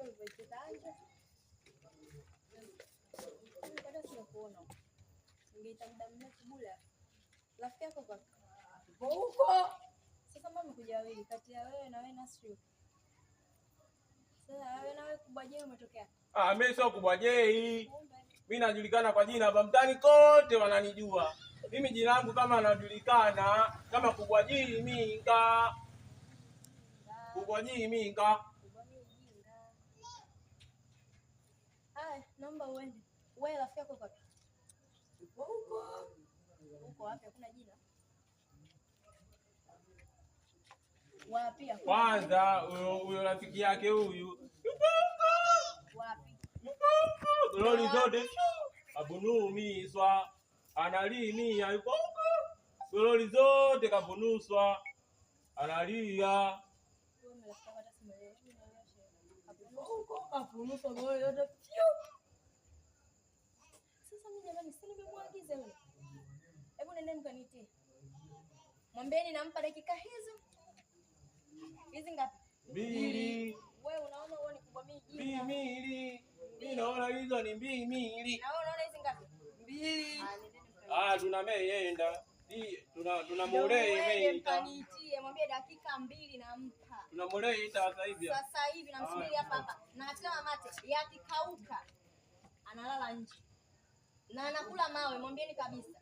Rafiki kwa huko sasa, wawili kati ya wewe na wewe Sasa wewe na wewe kubwa je, umetokea? Ah, mimi sio kubwa je. Mimi najulikana kwa jina hapa mtaani kote wananijua. Mimi jina langu kama najulikana kama kubwa Minga. Kubwa Minga. naomba uende. Wewe rafiki yako yuko wapi? huko. Huko wapi? Hakuna jina. Wapi? Kwanza huyo rafiki yake huyu yuko huko. Wapi? Yuko zote abunumizwa analimia, yuko huko. Lori zote kabunuswa analia jamani, si nimemwagiza yule. Hebu nende mkanitie, mwambieni nampa dakika hizo hizi. Ngapi? Mbili. Wewe unaona huo ni kubwa, mimi jina mbili. Mimi naona hizo ni mbili mbili. Na wewe unaona hizi ngapi? Mbili. Ah, ah tuna mei yenda tunamulei mwambie dakika mbili nampa, Tuna tunamulei sasa hivi sasa hivi, namsubiri ah. hapa hapa na katika mamate, yakikauka analala nje na anakula mawe, mwambieni kabisa.